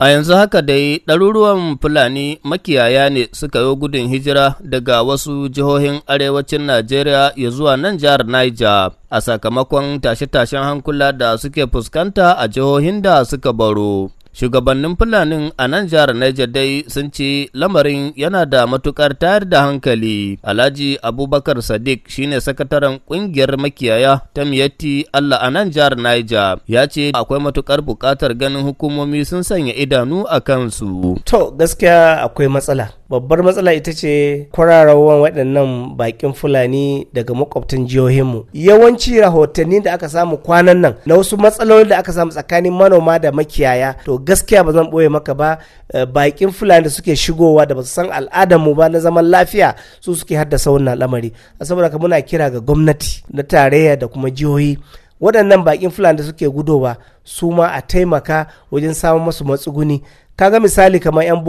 A yanzu haka dai ɗaruruwan Fulani makiyaya ne suka yi gudun hijira daga wasu jihohin arewacin Najeriya ya zuwa nan jihar Niger a sakamakon tashe-tashen hankula da suke fuskanta a jihohin da suka baro. Shugabannin Fulanin a nan jihar Niger dai sun ce lamarin yana da matukar tayar da hankali. Alhaji Abubakar Sadiq shine sakataren kungiyar makiyaya ta Miyatti Allah a nan jihar Niger. Ya ce akwai matukar bukatar ganin hukumomi sun sanya idanu a kansu. To gaskiya akwai matsala. babbar matsala ita ce kwararrawan waɗannan bakin fulani daga makwabtan jihohinmu yawanci rahotanni da aka samu kwanan nan na wasu matsaloli da aka samu tsakanin manoma da makiyaya to gaskiya ba zan ɓoye maka ba eh, bakin fulani da suke shigowa da ba su san al'adarmu ba na zaman lafiya su suke haddasa wannan lamari saboda ka muna kira ga gwamnati na tarayya da kuma jihohi waɗannan bakin fulani da suke gudowa su ma a taimaka wajen samun masu matsuguni kaga misali kamar yan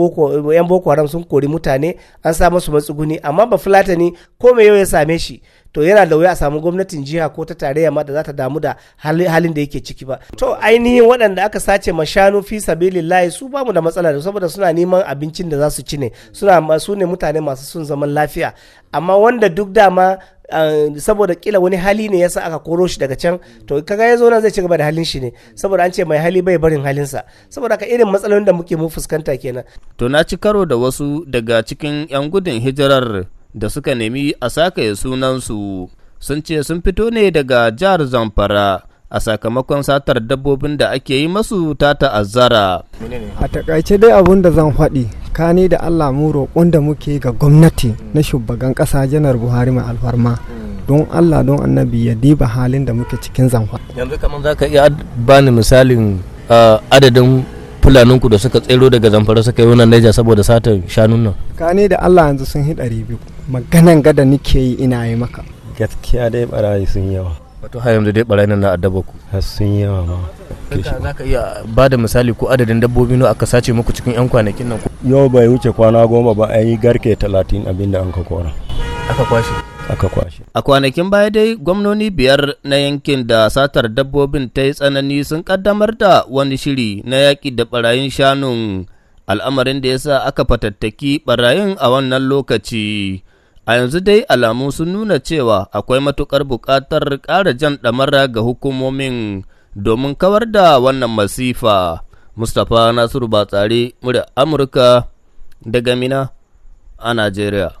boko haram sun kori mutane an samu masu matsuguni amma ba fulatani ko me yau ya same shi to yana da wuya a samu gwamnatin jiha ko ta tarayya ma da za ta damu da halin da yake ciki ba to ainihin waɗanda aka sace ma shanu fi layi su ba mu da matsala da saboda suna neman abincin da za su ci ne suna su ne mutane masu sun zaman lafiya amma wanda duk dama saboda kila wani hali ne yasa aka koro shi daga can to kaga ya zo zai ci gaba da halin shi ne saboda an ce mai hali bai barin halinsa saboda ka irin matsalolin da muke mu fuskanta kenan to na ci karo da wasu daga cikin yan gudun hijirar da suka nemi a sakaye sunansu sun ce sun fito ne daga jihar zamfara a sakamakon satar dabbobin da ake yi masu ta ta'azzara. A takaice dai abun da zan faɗi kani da Allah mu roƙon da muke ga gwamnati na shugaban ƙasa janar Buhari mai alfarma. Hmm. don Allah don annabi ya diba halin da muke cikin zanfa. Yanzu kamar za ka iya bani misalin ah, adadin fulaninku da suka tsero daga zamfara suka yi wannan naija saboda satar shanun nan. Kane da Allah yanzu sun hi ɗari biyu maganan gada nike yi ina yi maka. Gaskiya dai barayi sun yawa. wato har yanzu dai barayin na addaba ku har sun yawa ma za ka iya ba da misali ko adadin dabbobi nawa aka sace muku cikin yan kwanakin nan yau bai wuce kwana goma ba an yi garke talatin abinda an ka kora aka kwashe aka kwashe a kwanakin baya dai gwamnoni biyar na yankin da satar dabbobin ta yi tsanani sun kaddamar da wani shiri na yaƙi da barayin shanun al'amarin da ya sa aka fatattaki barayin a wannan lokaci A yanzu dai alamu sun nuna cewa akwai matuƙar buƙatar ƙara jan ɗamara ga hukumomin domin kawar da wannan masifa. Mustapha Nasiru Batsari, murya Amurka daga Mina a Najeriya.